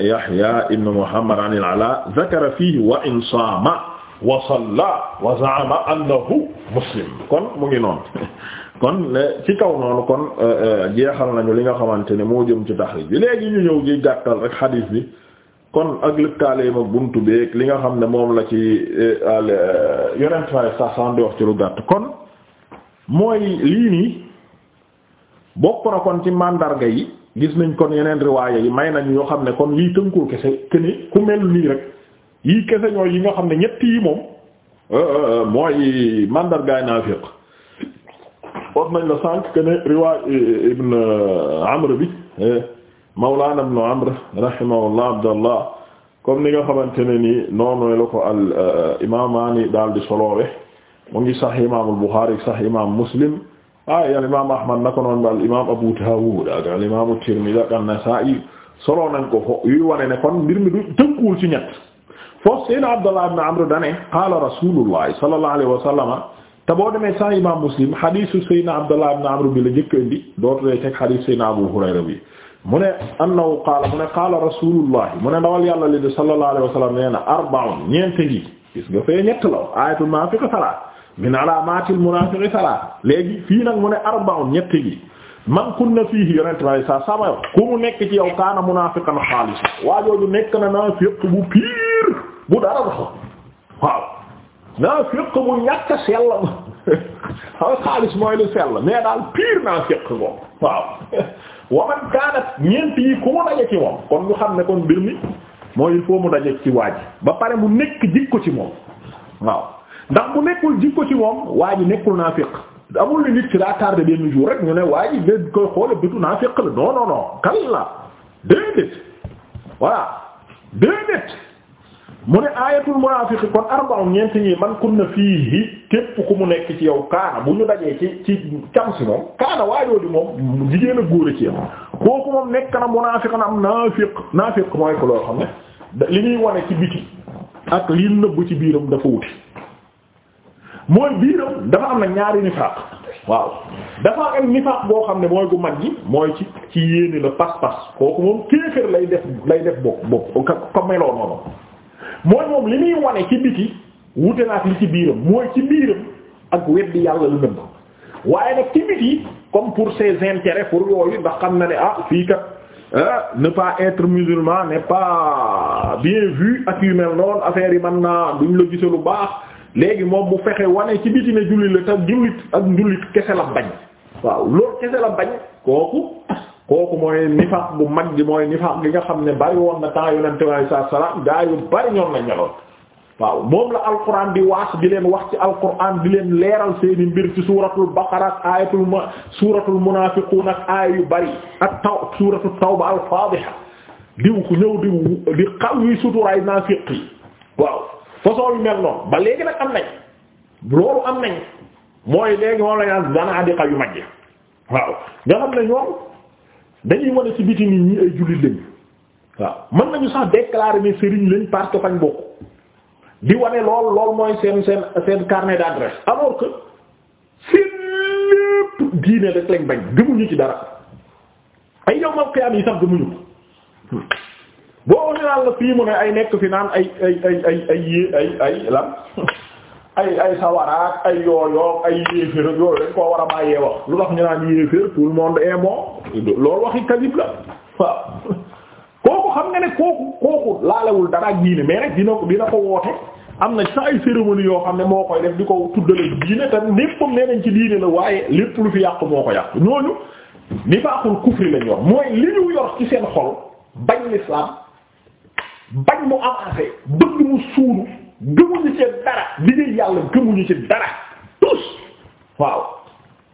Yahya ibn Muhammad an al-Alaa zakara fiihi wa in saama wa salla wa za'ama annahu muslim kon mu ngi noonu kon ci kaw noonu kon euh, euh, jeexal nañu li nga xamante ne moo jëm ci taxriij bi léegi ñu ñëw gi gàttal rek xadiis bi kon ak lëkkaaleem ak bi beeg li nga xam ne moom la ci euh, yonent fare sax san di wax ci lu gàtt kon mooy lii nii bokk na kon ci màndarga yi gis nañ kon yeneen riwaaya yi may nañ yoo xam ne kon lii tënkoo kese këne ku mel nii rek yii kese ñooy yi nga xam ne ñett yi moom euh, euh, euh, mooy màndargaay naafiq wax nañ la sànq que ne riwaay ibn amr bi mawlana ibn amr rahimahullah abdallah comme ni nga xamante ne nii noonu la ko al imaamaani daal di soloowe mu ngi sax imaamul buxaari sax imaam muslim waaye al imaam Ahmad naka noonu al imaam Abu Dawud ak al imaam Tirmidhi solo nañ ko fo yu wane ne kon mbir mi du tënkuwul ci ñett foofu Seydina Abdullah ibn Amr dane qaala Rasulullah sallallahu alayhi wa sallam te boo demee sa imaam Muslim hadiisu Seydina Abdullah ibn Amr bi la a indi dootu lay teg hadiis Seydina Abu Hurayra bi mu ne annahu qaala mu ne qaala Rasulullah mu ne ndawal yàlla li de sallallahu alayhi na arba'un ñeent ngi gis nga fee min alaamaatil munaafiqi salaat léegi fii nag mu ne arba'un ñetti gi man kunna fiihi yonent bi saa sama ku mu nekk ci yow kaana munaafiqan xaalis waajooju nekk na naafiq bu mooy lu sell mais daal piir naafiq moom waaw wa man kaanat yi ku mu daje ci moom kon ñu xam ne kon mbir mi mooy il faut mu daje ci waaj ba pare mu nekk jikko ci moom waaw. ndax bu nekkul jikko ci moom waa ji nekkul naafiq amul lu nit ci daa tardé benn jour rek ñu ne waa ji nga koy bi bëtu naafiq la non non non kal la déedéet mu ne aayatul munaafiqi kon arba'u ñeent ñi man kunna fiihi képp ku mu nekk ci yow kaana bu ñu dajee ci ci cam si moom kaana waajoo di moom jigéen ak góor a ci yam kooku moom nekk na munaafiq na am naafiq naafiq mooy ko loo xam ne li ñuy wane ci biti ak li nëbb ci biiram dafa wuti mooy biiram dafa am na ñaari nifaaq waaw dafa am nifaaq boo xam ne mooy gu mag yi mooy ci ci yéene la pas-pas kooku moom kéefër lay def lay def bopp bopp ka meloo noonu mooy moom li muy wane ci biti wute naa li ci biiram mooy ci biiram ak weddi yàlla lu nëbb waaye nag ci biti comme pour ses intérêts pour yooyu ndax xam na ne ah fii kat ah, ne pas être musulman n'est pas bien vu ak yu mel noonu affaire yi mën naa duñ la gise lu baax léegi moom bu fexe wane ci biti ne jullit la te jullit ak jullit kese la bañ waaw loolu kese la bañ kooku kooku mooy nifaq bu mag gi mooy nifaq gi nga xam ne bari woon na temps yonente bi alei saatu salaam gaa yu bari ñoom la ñeloon waaw moom la alquran di waax di leen wax ci alquran di leen leeral seeni mbir ci suuratul baqara ak ayatul ma suuratul munaafiquun ak aaya yu bari ak taw suuratul tawba al faadiha diw ku ñëw di di xaw yuy suturaay façon yu mel noonu ba léegi nag am nañ loolu am nañ mooy léegi moom la ñaan zanaadiqa yu mag yi waaw nga xam ne ñoom dañuy wane ci biti nit ñi ay jullit lañ waaw mën nañu sax déclarer ne sëriñ lañ parce que fañ bokk di wane lool lool mooy seen seen seen carnet d'adresse alors que seen lépp diine rek bañ gëmuñu ci dara ay yow mal xiyaam yi sax gëmuñu boo naan la fii mu ay nekk fi naan ay ay ay ay ay ay ay lan ay ay sawaraat ay yooyoog ay yéeféer yooyu dañ koo war a bàyyee wax lu tax ñu naan yéeféer tout le monde est mort loolu waxi kadib la kooku xam nga ne kooku kooku laalewul dara ak diine mais rek dina ko dina ko woote am na sa ay cérémonie yoo xam ne moo koy def di ko tuddale diine te néppam nee nañ ci diine la waaye lépp lu fi yàqu moo ko yàqu ñooñu ni faaxul kufri lañ yor mooy li ñu yor ci bañ mu avancé bëgg mu suuru gëmuñu ci dara liggéey yàlla gëmuñu ci dara tous waaw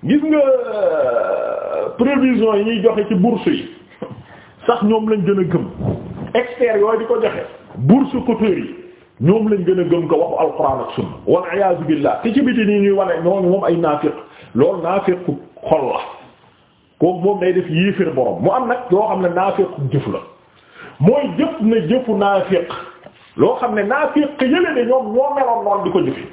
gis nga euh, prévision yi ñuy joxe ci bourse yi sax ñoom lañ gën a gëm expert yooyu di ko joxe bourse coteurs yi ñoom lañ gën a gëm ko waxu alquran ak sunna wal iyaazu billah te ci biti nii ñuy wane ñooñu moom ay naafiq loolu naafiq xol la kooku moom day def yéeféer borom mu am nag yoo xam ne naafiq jëf la mooy jëf na jëfu naafiq loo xam ne naafiq yële ne ñoom ñoo meloon noonu di ko jëfe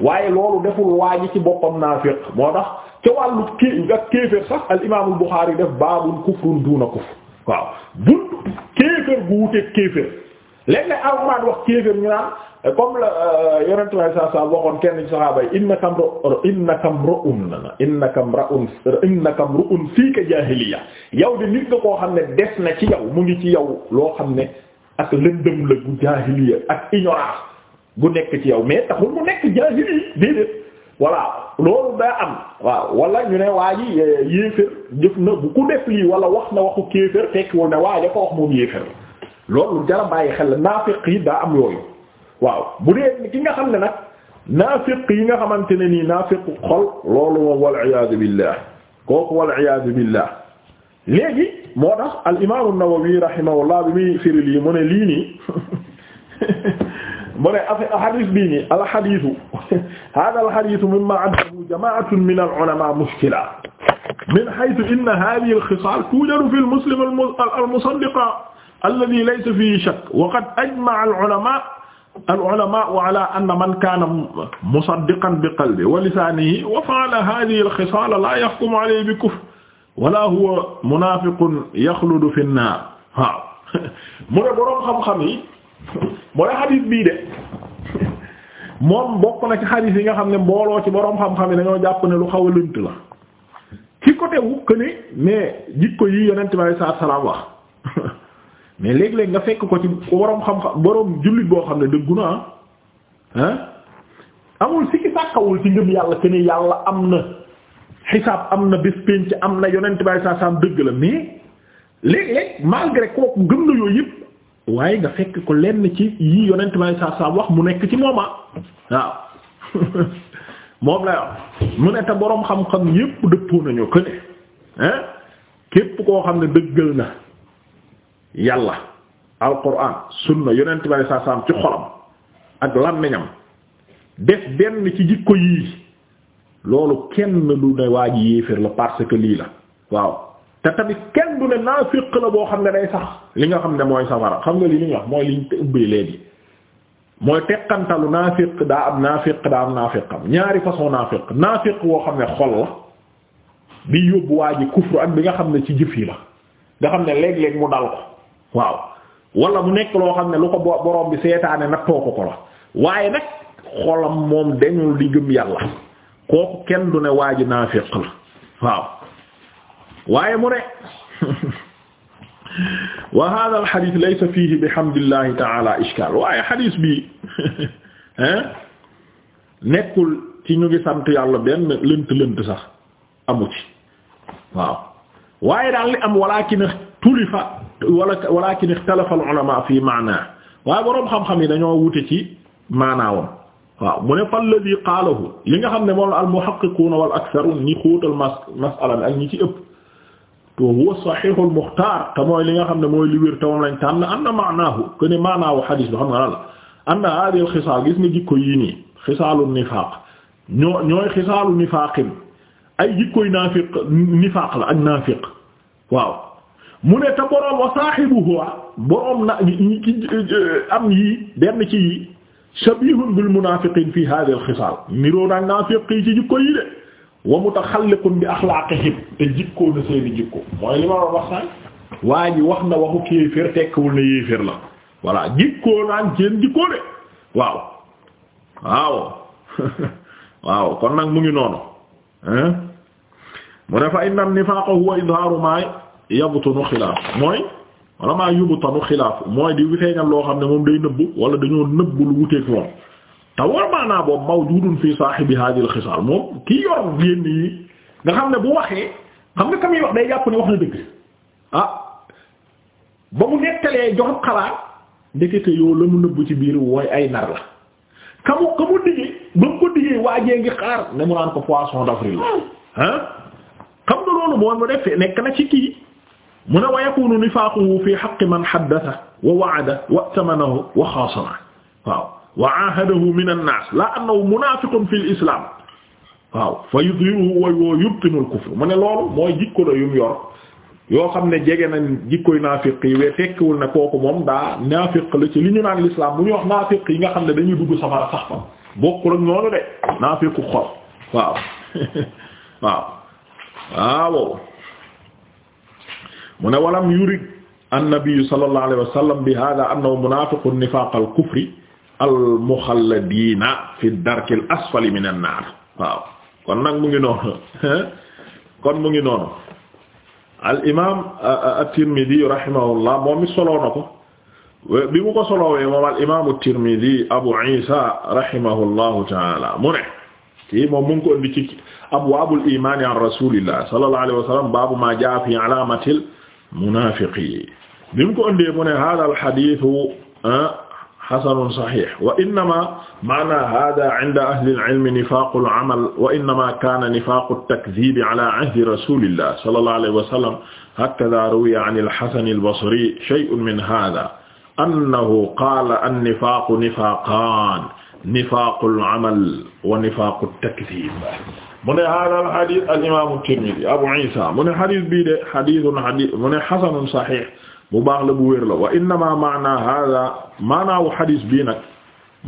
waaye loolu deful waa ji ci boppam naafiq moo tax ca wàllu kii ak kéefër sax al imaamul Buxaari def baabul kufrun duuna kufr waaw bunt kéefër gu wuteeg kéefër léeg-léeg wax kéefër ñu naan comme la euh, yonent bi saa saa waxoon kenn ci saxaaba yi innaka mru innaka mru'un innaka mru'un innaka mru'un fiika jaahiliya yow de nit nga koo xam ne des na ci yow mu ngi ci yow loo xam ne ak lëndëm la gu jaahiliya ak ignorance gu nekk ci yow mais taxul mu nekk jaahili déedéet voilà loolu daa am waaw wala ñu ne waa ji euh, yéefér jëf na bu ku def lii wala wax na waxu kéefér tekkiwul ne waaye da ko wax moom yéefér loolu jara bàyyi xel naafiq yi daa am yooyu. waaw bu dee ki nga xam ne nag naafiq yi nga xamante ne nii naafiq xol loolu moom wal iyaadu billah kooku wal iyaadu billah léegi moo tax al imaamu Nawawi rahimahullah bi muy firi lii mu ne lii nii mu ne affaire hadith bii nii al hadithu hada al hadithu mimma addahu jamaatun min al ulama mushkila min haythu inna hadhihi al khisal tujadu fi al muslim al musaddiq alladhi laysa fihi shakk wa qad ajma'a al ulama al ulama wa ala anna man kaana musaddiqan bi qalbi wa lisaanihi wa fa'ala hadhihi al khisal la yahkumu alayhi bi kufr wala huwa munafiqun yaxludu fi nnaar waaw mu xam-xam yi mu ne xadis bii de moom bokk na ci xadis yi nga xam ne mbooloo ci boroom xam-xam yi dañoo jàpp ne lu xaw a lënt la ci côté wu que ne mais jikko yi yonent bi sallallahu alayhi wasallam wax mais léegi léeg nga fekk ko ci borom xam-xam borom jullit boo xam ne dëggu na ah amul sikki sàkkawul ci ngëm yàlla ke ni yàlla am na xisaab am na bés pénc am na yonent bay saa saam dëgg la mais léeg-léeg yooyu yëpp waaye nga fekk ko lenn ci yii yonent bay saa saam wax mu nekk ci mooma waaw moom la wax mu ne te borom xam-xam yëpp dëppoo nañu que ne képp koo xam ne dëggal na. yàlla alquran sunna yonent bi sallallahu alayhi wasallam ci xolam ak làmmiñam def benn ci jikko yii loolu kenn du ne waa ji yéeféer la parce que lii la waaw te tamit kenn du ne naafiq la boo xam ne day sax li nga xam ne mooy safara xam nga li li ñu wax mooy liñ ubbi ubbee léegi mooy teqantalu naafiq daa am naafiq daa am naafiqam ñaari façon naafiq naafiq woo xam ne xol la bi yóbbu waa ji kufru ak bi nga xam ne ci jëf yi la nga xam ne léeg-léeg mu dal ko waaw wala mu nekk loo xam ne lu ko borom bi seetaane nag too ko la waaye nag xolam moom dañul di gëm yàlla kooku kenn du ne waa ji naafiq la waaw waaye mu ne wa hadha al hadith laysa fihi bihamdillahi ta'ala ishkal bi hein nekkul ci ñu ngi sant yàlla benn lënt lënt sax amu ci waaw waaye daal li am walakin tulifa wala walakin ixtalafa al ulama fi xam-xam yi dañoo wute ci maanaawam waaw mu ne fa alladi li nga xam ne moom al muhaqqiquuna wal aktharun ñi xóotal mas masala mi ak ñi ci ëpp to huwa sahihul muxtaar te li nga xam ne mooy li wér te moom lañ tànn anna maanaahu que maanaawu xadiis bi xam nga lan la anna haadihi al xisaal gis nga jikko yii nii xisaalu nifaaq ñooy xisaalu nifaaqin ay jikkoy naafiq nifaaq la ak naafiq waaw mu ne te boroom wa saahibuhu ah, boroom na am yii benn ci yii shabihun bil munaafiqiin fi haadhihi al xisaal niroo naag ci jikko yi de wa mutaxalliqun bi axlaaqihim te jikkoo na seeni jikko mooy li ma war wax sax waa ji wax na waxu kéefër tekkiwul ne yéefër la voilà jikkoo naag seen jikkoo de waaw waaw waaw kon nag mu ngi noonu mu ne fa inna nifaaqa huwa izhaaru maa yabutunu xilaaf mooy wala yubutanu xilaaf mooy di feeñal loo xam ne moom day nëbbu wala dañoo nëbbu lu wuteeg moom te war maanaa boobu mawjudun fi saahibi hadhihi al xisaal moom ki yor yenn yi nga xam ne bu waxee xam nga kamiy wax day jàpp ni wax na dëgg ah ba ci biir wooy ay kamu ka ba mu ko digee waajee ngi xaar ne mu naan ko poisson d'avril la ah xam loolu moom mu def nekk na ci kii mu ne wa yakunu nifaaquhu fi haqqi man haddatha wa wa'ada wa tamanahu wa xaasama waaw wa ahadahu min an-naas la annahu munaafiqun fil islaam waaw fa yudhiruhu wa yubtinu al-kufr mu ne loolu mooy jikko la yum yor yoo xam ne jege na jikkoy naafiq yi we tekkiwul ne kooku moom daa naafiq la ci li ñu naan l'islam bu ñuy wax naafiq yi nga xam ne dañuy dugg safara sax fa bokkul ak ñoonu de naafiqu xol waaw waaw waaw mu ne walam yurid annabiyu sallallahu alayhi wa sallam bi hada annahu munafiqun nifaqal kufri al muxalladiina fi darkil asfali minan naar waaw kon nag mu ngi noonu kon mu ngi noonu al imaam uh, at-Tirmidi rahimahullah moom mi soloo na ko bi mu ko solowee moom al imaam at-Tirmidi Abu Isa rahimahullahu taala mu ne kii moom mu ngi ko indi ci abwaabul iimaani an rasuulillah sallallahu alayhi wa sallam baabu maa jaa fi alaamatil munaafiqi bi mu ko indee mu ne hada alhadithu ah, hasanun sahih wa innama maana hada inda ahli alilmi nifaqu alamal wa innama kana nifaqu altakdhibi ala ahdi rasulillah sallallahu alayhi wa sallam hakadha ruwiya an alhasan albasri shay'un min hada annahu qala annifaqu nifaqan nifaqu alamal wa nifaqu altakdhib mu ne hada al hadith imam Abu Isa mu ne hadith bii de hadithun hadith mu ne hasanun sahih bu baax la bu wér la wa innama maana hada maanaawu hadith bii nag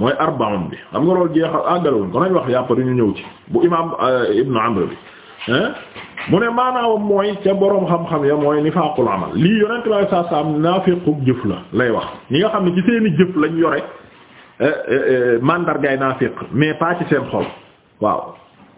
mooy arbaun bi xam nga loolu jeexal àggalawuñ ko nañ wax yàppa ñu ñëw ci bu imam eh, Ibn Amr bi mu ne maanaawam mooy ca boroom xam-xam ya mooy nifaaqul amal lii yonent bi sallallahu alayhi jëf la lay wax ñi nga xam ne ci seeni jëf lañ yore eh, eh, mandargaay naafeeq mais pas ci seen xol waaw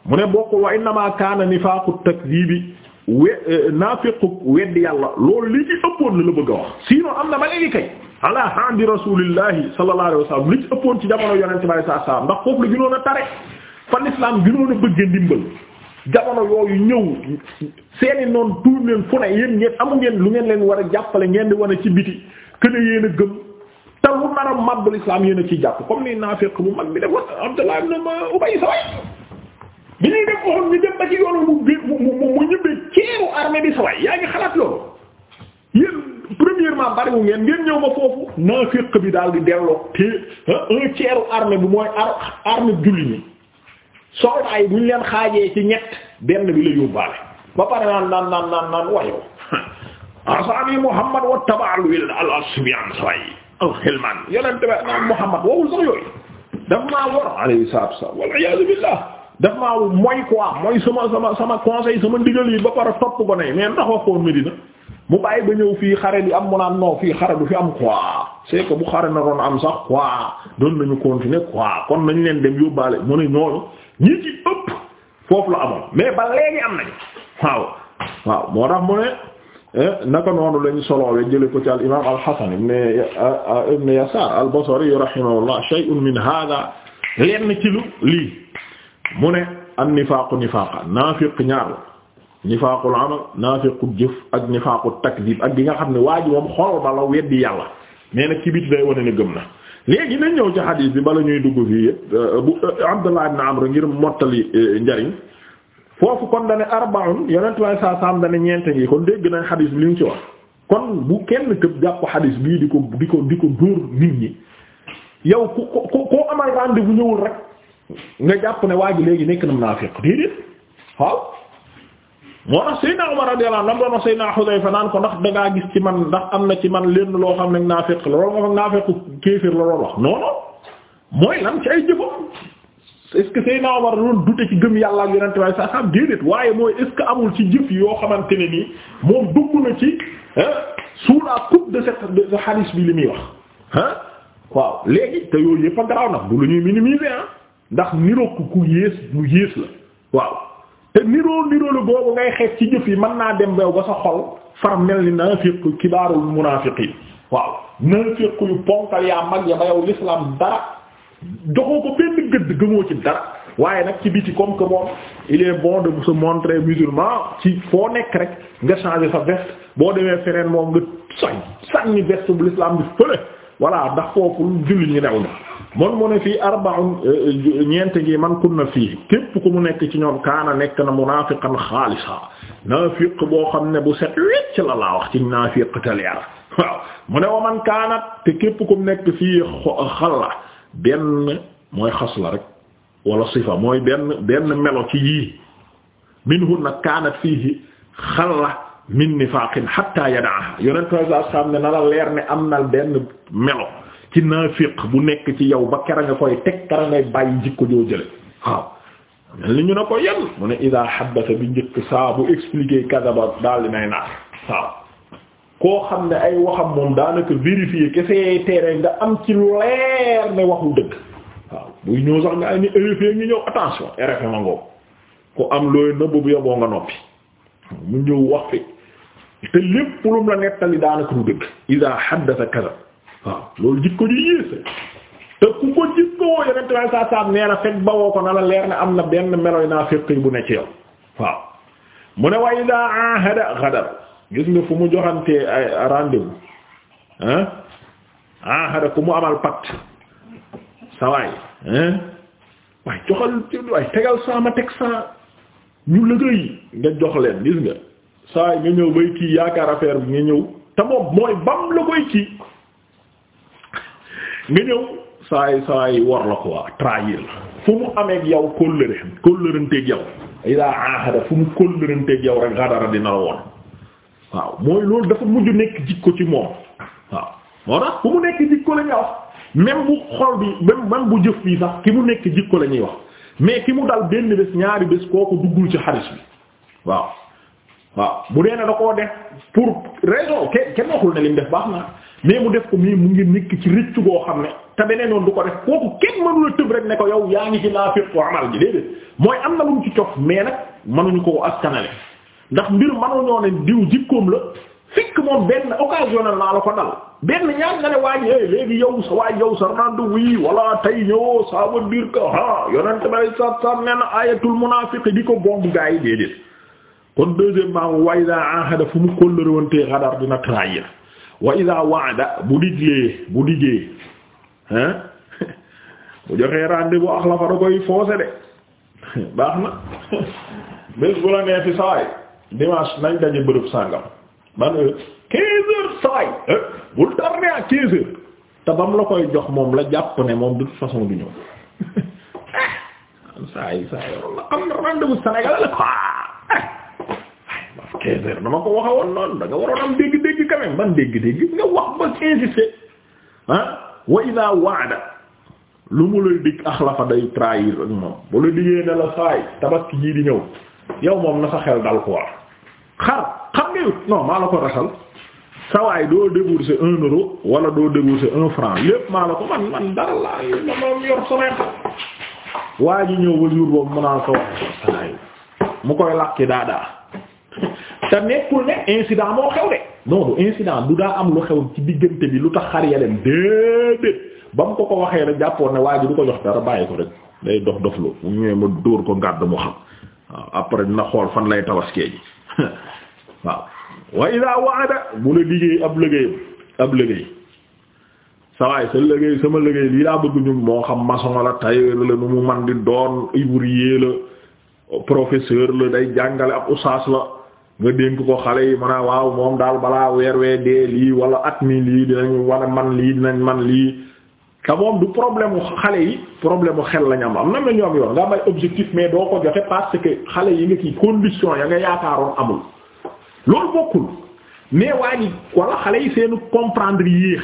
mu ne bokkul wa innama kaana nifaaqu takdibi we e, naafiqu weddi yàlla loolu lii ci ëppoon la la bëgg a wax sinon am na ba léegi kay ala handi rasulillahi sallallahu alayhi wa sallam ëppoon ci jamono yonente bi alayhi salaam ndax foofu la gënoon a tare fan islam gënoon a bëgg ndimbal jamono yooyu ñëw seeni noonu tuur leen fu ne yéen ngeen amu ngeen lu ngeen leen war a jàppale ngeen di wane ci biti kën a yéen a gëm te lu nar a màbbal islam yéen a jàpp comme ni naafiq bu mag bi def wa Abdullah ibn Ubay saway bi ñuy def waxoon ñu dem ba ci yoonu mu mu mu mu ñëbbee ceeru armée bi saway yaa ngi xalaat loolu yéen premièrement bariwu ngeen ngeen ñëw ma foofu naafiq bi daal di delloo te ah, un ceeru armée bi mooy ar armée julli ñi soldats yi bu ñu leen xaajee ci ñett benn bi la yóbbaale ba pare naan naan naan naan naan wayow asaabi Muhammad wa tabalwil al asbian saway al xilman yonente ba naan Muhammad wowul sax yooyu daf maa wor alayhi salaatu wa salaam wal iyaadu billah daf maa mooy quoi mooy sama sama sama conseil sama ndigal yi ba pare topp ko nay mais ndax waxoon Medina mu bàyyi ba ñëw fii xare bi am mu naan non fii xare du fi am quoi na doon am sax quoi doon nañu continuer quoi kon nañu leen dem yóbbaale mu ne ñooñu ñi ci ëpp foofu la amoon mais ba léegi am nañu waaw waaw moo tax mu ne eh, naka noonu lañu soloowe jële ko ci al imam al hasan ibn eh, ibn yasar al min hada lenn ci lu lii mu ne an nifaaqu nifaaqa naafiq ñaar la nifaaqul amal naafiqu jëf ak nifaaqu takdib ak bi nga xam ne waa moom xol ba la weddi yàlla mais nag ci biti day wane ne gëm na léegi nañ ñëw ci xadiis bi bala ñuy dugg fii yëpp euh, bu euh, Abdullah ibn Amr ngir mottali euh, njariñ foofu kon dane arbaun yonentuwaay saa saam dane ñeente ngi kon dégg nañ xadiis bi li mu ci wax kon bu kenn tëb jàpp xadiis bii di ko di ko di ko dóor nit ñi yow ku ko koo amal rendez-vous ñëwul rek nga jàpp ne waa ji léegi nekk na munaafiq déedéet waaw moo tax Seydina Umar la anhu doon wax Seydina Hudayfa naan ko ndax dangaa gis ci man ndax am na ci man lenn loo xam ne naafiq la loolu nga xam naafiq kéefir la loolu wax non non mooy lan ci ay jëfam est-ce que Seydina Umar doon dute ci gëm yàlla ak yonent waaye sa xam déedéet waaye mooy est-ce que amul ci jëf yoo xamante ne nii moom dugg na ci sous la coupe de cette de hadith bi li muy wax ah waaw léegi te yooyu ndax niroog ku yées lu yées la waaw te niroo niroo la boobu ngay xeet ci jëf yi mën naa dem bew ba sa xol far mel ni naafiq kibaarul munaafiqiin waaw naafiq yu ponkal yaa mag ya ba yow l'islam dara joxoo ko benn gëdd gëmoo ci dara waaye nag ci biti comme que moom il est bon de se montrer musulman ci foo nekk rek nga changer sa veste boo demee feneen moom nga sañ sànni veste bu l'islam bi fële voilà ndax foofu jullit ñi new na moom mu ne fii arba'un eh, ñeent gi man kunna fii képp ku mu nekk ci ñoom kaana nekk na munaafiqan xaalisa naafiq boo xam ne bu set wecc la laa wax ci naafiq te leer waaw mu ne wa man kaanat te képp ku mu nekk fii xalla benn mooy xas la rek wala sifa mooy benn benn melo ci yii minhunna kaanat fiihi xalla min nifaaqin hatta yada'aha yonent saa xam ne na la leer ne am na benn melo ci naafiq bu nekk ci yow ba kera nga koy teg kera bàyyi jikko joo jële waaw mel ni ñu ne ko yen mu ne ida xaddasa bi njëkk saabu bu expliquer kadaba daal di nay naar waaw koo xam ne ay waxam moom daanaka vérifier kese teere nga am ci leer ne waxul dëgg waaw buy ñëw sax nga ay ni RFM ñu ñëw attention RFM a ngoom ku am looy nëbb bu yoboo nga noppi mu ñëw wax fi te lépp lu la nettali daanaka du dëgg ida xaddasa kadab waaw loolu jikko ji yées te ku ko jikko woo yonent bi saa saa nee na fekk ba woo ko na la leer am na benn meloy naa féq bu ne ci yow waaw mu ne way daa ahada xadar gis nga fu mu joxantee ay rendez-vous ku mu amal pacte sa waay hein waaye joxal tegal saa ma teg saa ñu liggéey nga jox leen gis nga saa yi nga ñëw bay kii yaakaar affaire bi nga ñëw te moom mooy bam la koy kii nga ñëw saa yi saa yi war la ko quoi trahir fu mu ameeg yow kóllëre kóllëranteeg yow idaa ahada fu mu kóllëranteeg yow rek xadara dina la woon waaw mooy loolu dafa mujj nekk jikko ci moom waaw moo tax fu mu nekk jikko la même bu xol bi même même bu jëf bi sax ki mu nekk jikko la ñuy wax mais ki mu dal benn bés ñaari bés ko duggul ci xaris bi waaw waaw bu dee ne da koo def pour raison kenn waxul ne li def baax na mais mu def ko mu ngi nikk ci rëccu goo xam ne te beneen yoon du ko def kooku kenn mënula tëb rek ne ko yow yaa ngi ci naafiq ko amal ji déedéet mooy am na lu mu mais nag mënuñu ko askanale ndax mbir mënuñoo ne diw jikkoom la fekk moom benn occasionnel naa la ko dal benn ñaar nga ne waaji eh, léegi yow sa waaj yow sa rendez-vous yi wala tey ñëw ça veut dire que ah yonente balay sat sam ayatul munaafiq di ko bomb gaa yi déedéet kon deuxièmement way da ahada fu mu kóllëréwantee xadar dina trahir wa ida waada bu diglee bu diggee hein bu joxee rendez-vous ak la fa da koy foose de baax na bés bu la nee fi dimanche nañ daje bërëb sàngam man heure quinze heures sawaay euh, bul tarne à quinze heures te bam la koy jox moom la jàpp ne moom de toute façon du ñëw am saa yi la am rendez-vous Sénégal ah. quinze dama ko waxe woon noonu da nga waroon am dégg-dégg quand man dégg-dégg nga wax ba insister ah wa ida waada lu mu lay dig axlafa di ñëw yow moom na sa xel maa ko raxal sa waay wala doo débourser maa la ko man wax mu koy làkki daadaa te nekkul ne incident moo xew de non incident du daa am lu xew ci diggante bi lu tax xar ya leen ba mu ko ko waxee rek jàppoon ne waa ji du ko jox dara bàyyi ko rek day dof dof lu mu xam waaw après dina xool fan lay tabaskee ji waaw wa sa liggéey sama liggéey lii laa bëgg ñu moo xam maçon la tailleur la man di doon ouvrier la professeur la day jàngale ab oustaz la nga dénk ko xale yi mën a waaw moom daal balaa weer wee dee lii wala at mii lii dinañu war a man lii dinañ man lii te moom du problème xale yi problème mu xel lañ am am na ñoom yoon nga am ay objectif mais doo ko joxe parce que xale yi nga kii ya nga yaakaaroon amul loolu bokkul mais waa ji wala xale yi seenu comprendre yéex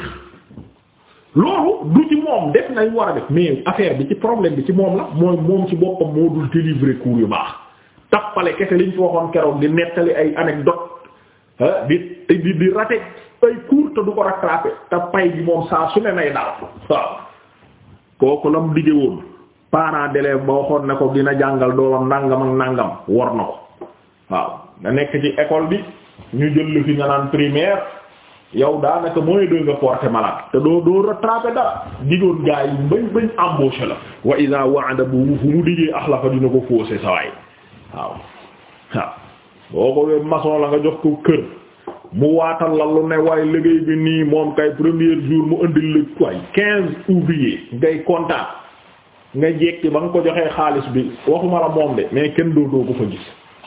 loolu du ci moom def nañ war a def mais affaire bi ci problème bi ci moom la mooy moom ci boppam moo dul délivrer cours yu baax tappale kese liñ fi waxoon keroog di nettali ay anecdote ah, di di di rate ay cours te du ko rattraper te pay gi moom saa su ne nay dal kooku la mu dige woon parent d'élève ba waxoon ne ko dina jàngal doomam nàngam ak nàngam war na ko waaw nga nekk ci école bi ñu jël lu fi nga primaire yow daanaka mooy doo nga porter malade te doo doo rattraper dara digoon gaa yi bañ bañ embauché la wa iza wa'ada bu fu mu digee axlafa dina ko fausser sa waay waaw waaw boo ko wee maçon la nga jox ko kër mu waatal la lu ne waaye liggéey bi nii moom kay premier jour mu indil la waaye quinze ouvriers ngay kontaan nga jekki ba nga ko joxee xaalis bi waxuma la moom de mais kenn doo doo ko fa gis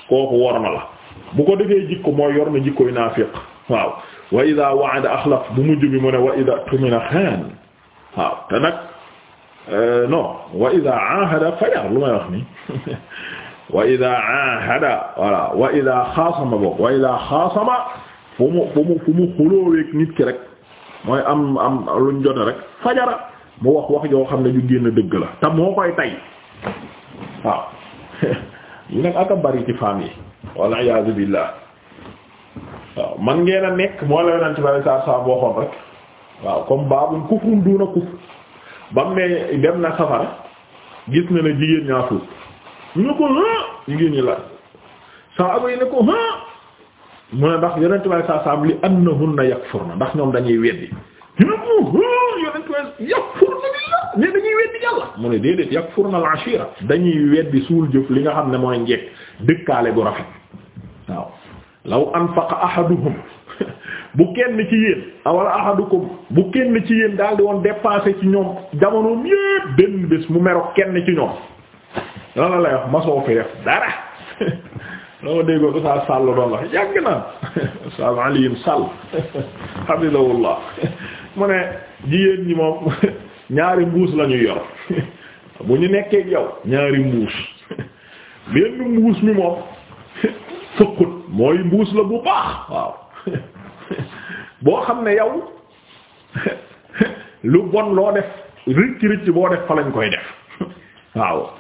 kooku wor na la bu ko defee jikko mooy yor na jikkoy naafiq waaw wa ida wa'ada axlaf bu mujj bi mu ne wa ida tumina xaan waaw te nag euh, non wa ida ahada fayar lu may wax nii wa ida ahada voilà wa ida xaasama boobu wa ida xaasama fu mu fu mu fu mu xulóoweeg nit ki rek mooy am am luñ jone rek fajara mu wax wax yoo xam ne ñu génn dëgg la te moo koy tay waaw yi nag aka bari ci femme yi walla iyaazu billaah waaw man ngeen a nekk moo la yonent bari saa saa waxoon rek waaw comme baabul kufrun duuna kufr bam ne dem na safara gis na ne jigéen ñaa fuuf ñu ne ko ah jigéen ñi laaj saxaaba yi ne ko ah mu ne ndax yonent bi saa saam li annahunna yakfurna ndax ñoom dañuy weddi ñu ne ko ah yonent bi dañuy weddi yàlla mu ne déedéet yakfurna al-ashira dañuy weddi suul jëf li nga xam ne mooy njekk dëkkaale bu rafet waaw law anfaqa ahaduhum bu kenn ci yéen awala ahadukum bu kenn ci yéen daal di woon dépensé ci ñoom jamonoom yépp benn bés mu merok kenn ci ñoom lan la lay wax masoo fi dara loo déggoo Oustaz Sall doon wax yàgg na Oustaz Alioune Sall hafizahullah mu ne jigéen ñi moom ñaari mbuus la ñuy yor bu ñu nekkee yow ñaari mbuus benn mbuus mi moom sëqut mooy mbuus la bu baax waaw boo xam ne yow lu bon loo def ricc ricc boo def fa lañ koy def waaw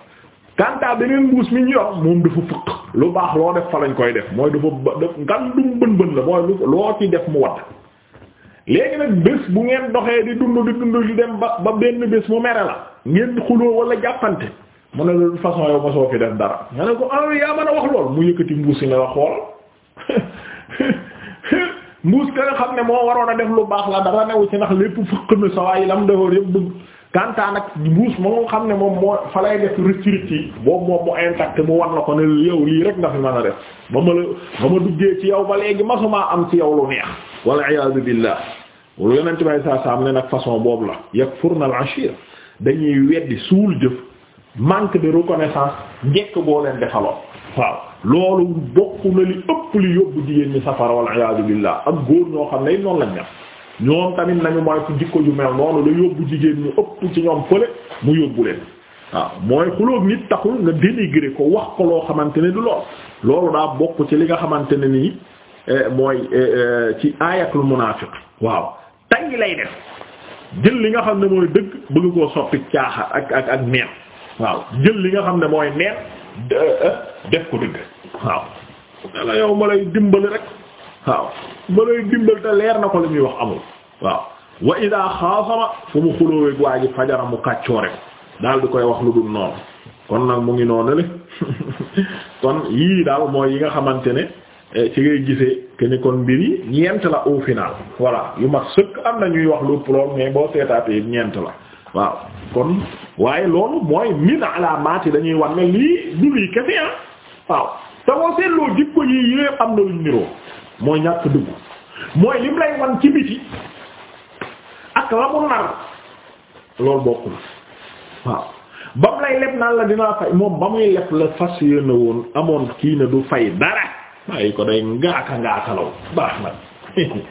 kanta beneen mbuus mi ñu yor moom dafa fëq lu baax loo def fa lañ koy def mooy dafa def ngan dum bën bën la mooy loo ci def mu wadd léegi nag bu ngeen doxee di dund di dund di dem ba ba benn bés mu mere ngeen xuloo wala jàppante mu ne de façon yow ma soo fi def dara ne ko ah yaa mën a wax lool mu yëkkati mbuus yi ne la xool mbuus ka xam ne moo waroon a def lu baax la dara newu ci ndax lépp fëq na sawaay lam defoon yëpp kantaan ak mbuus moo xam ne moom moo fa lay def rëcc yi boobu moom mu intact mu war la ko ne yow yii rek nga fi mën a def ba ma la ba ma duggee ci yow ba léegi masuma am ci yow lu neex walla iyaadu billaah lu yonent bay saa saa am ne nag façon boobu la yakfurna al ashir dañuy weddi suul jëf manque de reconnaissance njekk boo leen defaloon waaw loolu bokk na li ëpp li yóbbu jigéen ñi safara walla iyaadu billaah ak góor ñoo xam ne noonu lañ def ñoom tamit nañu mooy fu jikko yu mel noonu la yóbbu jigéen ñu ëpp ci ñoom fële mu yóbbu leen waaw mooy xuloog nit taxul nga dénigrer ko wax ko loo xamante ne du lool loolu daa bokk ci li nga xamante ne nii eh, mooy eh, eh, ci aayatul munaafiq waaw tey lay def jël li nga xam ne mooy dëgg bëgg ko soppi caaxaar ak ak ak neen waaw jël li nga xam ne mooy neen def ko dëgg waaw dala yow ma lay dimbali rek waaw ma lay dimbal te leer na ko li muy wax amul waaw wa idaa xaasama fu mu xulóoweeg waa ji fajara mu kàccoore ko daal di koy wax lu dul noonu kon nag mu ngi noonale kon yii daal mooy yi nga xamante ne eh, ci ngay gisee que ni kon mbir yi ñeent la au final voilà yu mag sëkk am na ñuy wax lu ploom mais boo seetaatee ñeent la waaw kon waaye loolu mooy min alaamaat yi dañuy wax ne lii du lii kese ah waaw te boo seetloo jikko yi yépp am na luñ niroo mooy ñàkk dëggu mooy lim lay wan ci biti ak la mu nar loolu bokkul waaw ba mu lay leb naan la dinaa fay moom ba muy leb la fas yéene woon amoon kii ne du fay dara waaye ko day ngaaka ngaaka law baax nag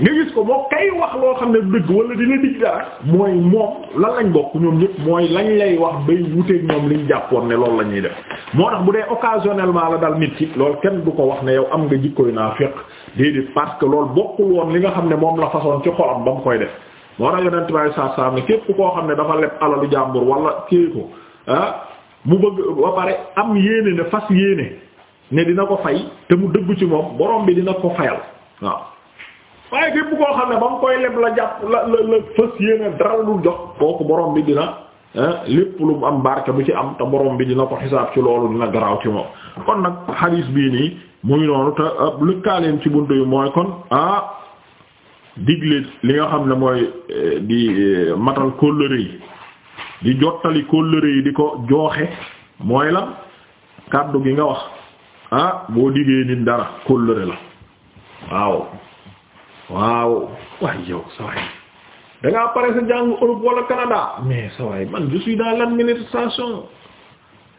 nga gis ko moo kay wax loo xam ne dëgg wala dina digg dara mooy moom lan lañ bokk ñoom ñëpp mooy lañ lay wax bay wuteeg ñoom liñ jàppoon ne loolu la ñuy def moo tax bu dee occasionnellement la dal nit ci lool kenn du ko wax ne yow am nga naa naafiq déedéet parce que loolu bokkul woon li nga xam ne moom la façon ci xolam ba mu koy def moo tax yonent bay saa ne képp koo xam ne dafa leb alalu jàmbur wala kii ko ah, mu bëgg ba pare am yéene ne fas yéene ne dina ko fay te mu dëgg ci moom borom bi dina ko fayal waaw waaye képp koo xam ne ba mu koy leb la jàpp la la la fas yéene dara lu borom bi dina lépp lu mu am barke bu ci am te borom bi dina ko xisaab ci loolu dina garaaw ci moom kon nag xadiis bii nii muy noonu te euh, lëkkaaleen ci bunt yu mooy kon ah digle li nga xam ne mooy euh, di euh, matal kóllëre yi di jottali kóllëre yi di ko jooxe mooy la kàddu gi nga wax ah boo digee nit dara kóllëre la waaw waaw waaye yow sa waay da ngaa pare sa jàngu Europe wala Canada mais sa man je suis dans l'administration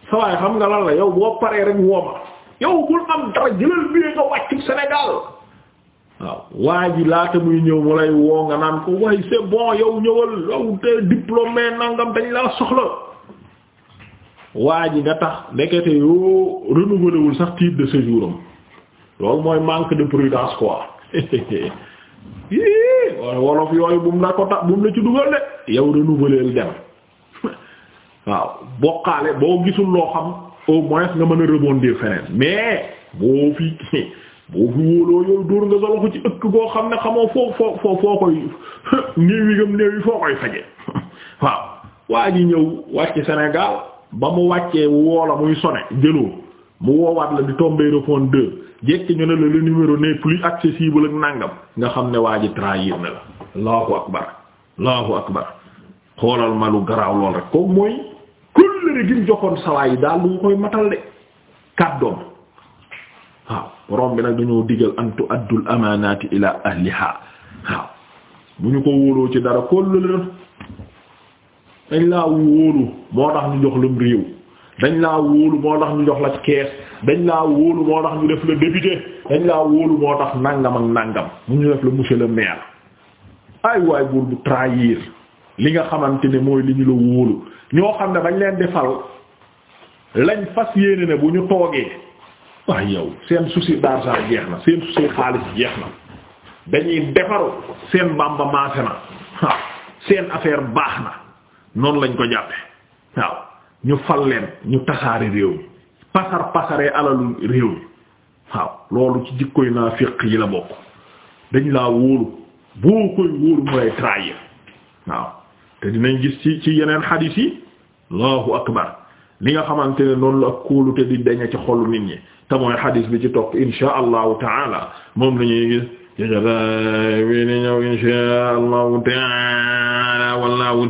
xam nga lan la yow boo pare rek wooma yow bul am dara jëlal biee nga wàccu Sénégal waaw waa ji laata muy ñëw mu lay woo nga naan ko waaye c'est bon yow ñëwal yow te diplômé nangam dañ laa soxla waa ji nga tax ndekete yoo renouvelé sax titre de séjour loolu mooy manque de prudence quoi wala wolof yooyu bu mu la ko tax bu mu la ci dugal de yow renouveler dem waaw bokkaale boo gisul loo xam au moins nga mën a rebondir feneen mais boo fi boo fi wóoloo yooyu dóor nga solo ko ci ëkk boo xam ne xamoo foo foo foo foo koy néew yi gam néew yi foo koy faje waaw waa ji ñëw wàcc Sénégal ba mu wàccee woola muy sone jëloo mu woowaat la di tombé refond deux jekki ñu ne la le numéro n'est plus accessible ak nàngam nga xam ne waa ji trahir na la allahu akbar allahu akbar xoolal ma lu garaaw lool rek kooku mooy kóllëre gi mu joxoon sawaay yi daal lu koy matal de kàddoom waaw borom bi nag dañoo digal antu addul amaanaati ila ahliha waaw bu ñu ko wóoloo ci dara kóllëre dañ laa wóolu moo tax ñu jox lum réew dañu laa wóolu moo tax ñu jox la kees dañ laa wóolu moo tax ñu def la député dañ laa wóolu moo tax nangam ak nangam mu ñu def la monsieur le maire ay waay buur bu trahir li nga xamante ne mooy li ñu la wóolu ñoo xam ne bañ leen di fal lañ fas yéene ne bu ñu toogee waaye yow seen souci d'argent jeex na seen souci xaalis jeex na dañuy defaru seen bamba maase na waaw seen affaire baax na noonu lañ ko jàppe waaw ñu fal leen ñu tasaare réew mi pasar pasaree alalu réew mi waaw loolu ci jikkoy naafiq yi la bokk dañ laa wóolu boo koy wóolu mu lay trahir waaw te dinañ gis ci ci yeneen xadiis yi allahu akbar li nga xamante ne noonu la ak kóolute di dañe ci xolu nit ñi te mooy xadiis bi ci topp insha allahu taala moom la ñuy gis ci jataay bi ni allahu taala wallahu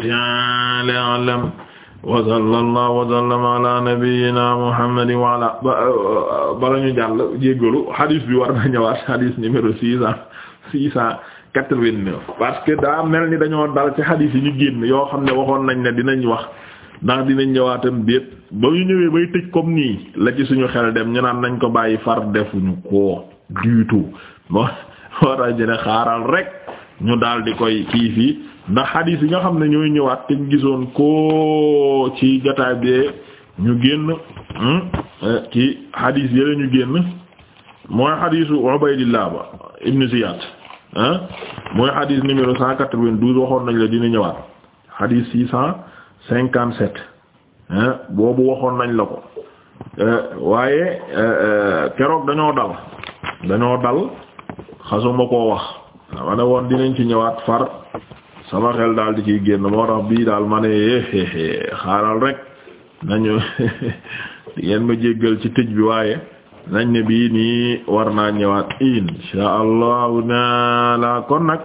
wa sallallahu wa sallama ala nabiyyina muhammadin wa ba bala ñu jàll jéggalu hadith bi war na ñëwaat hadith numéro six cent six cent quatre-vingt-neuf parce que daa mel ni dañoo dal ci hadith yi ñu génn yoo xam ne waxoon nañ ne dinañ wax ndax dinañ ñëwaatam déet ba ñu ñëwee bay tëj comme nii la ci suñu xel dem ñu naan nañ ko bàyyi far defuñu ko du tout moo war a jëne xaaral rek ñu daal di koy kii fii ndax xadiis yi nga xam ne ñooy ñëwaat te ñu gisoon koo ci jotaay bee ñu génn hmm, eh, ci xadiis yële ñu génn mooy xadiisu Ubaydillah ba ibn Ziyad eh, mooy xadiis numéro cent quatre-vingt-douze waxoon nañ la dina ñëwaat xadiis six cent cinquante-sept ah boobu waxoon nañ la ko waaye keroog dañoo dal dañoo dal xasuma koo wax dama woon dinañ ci ñëwaat far sama xel daal di ciy génn moo bii daal ma ne xaaral rek nañu di ngeen ma jéggal ci tëj bi waaye nañ bii nii war naa ñëwaat insha allahu taala kon nag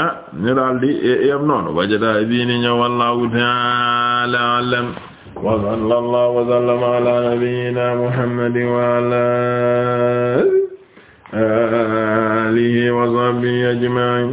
ah ñu daal di eh, eh, noonu ba jotaay bii ni ñëw wallahu taala alam wa sallallahu wa sallama ala nabiyyina muhammadin wa ala alihi wa sahbihi ajma'in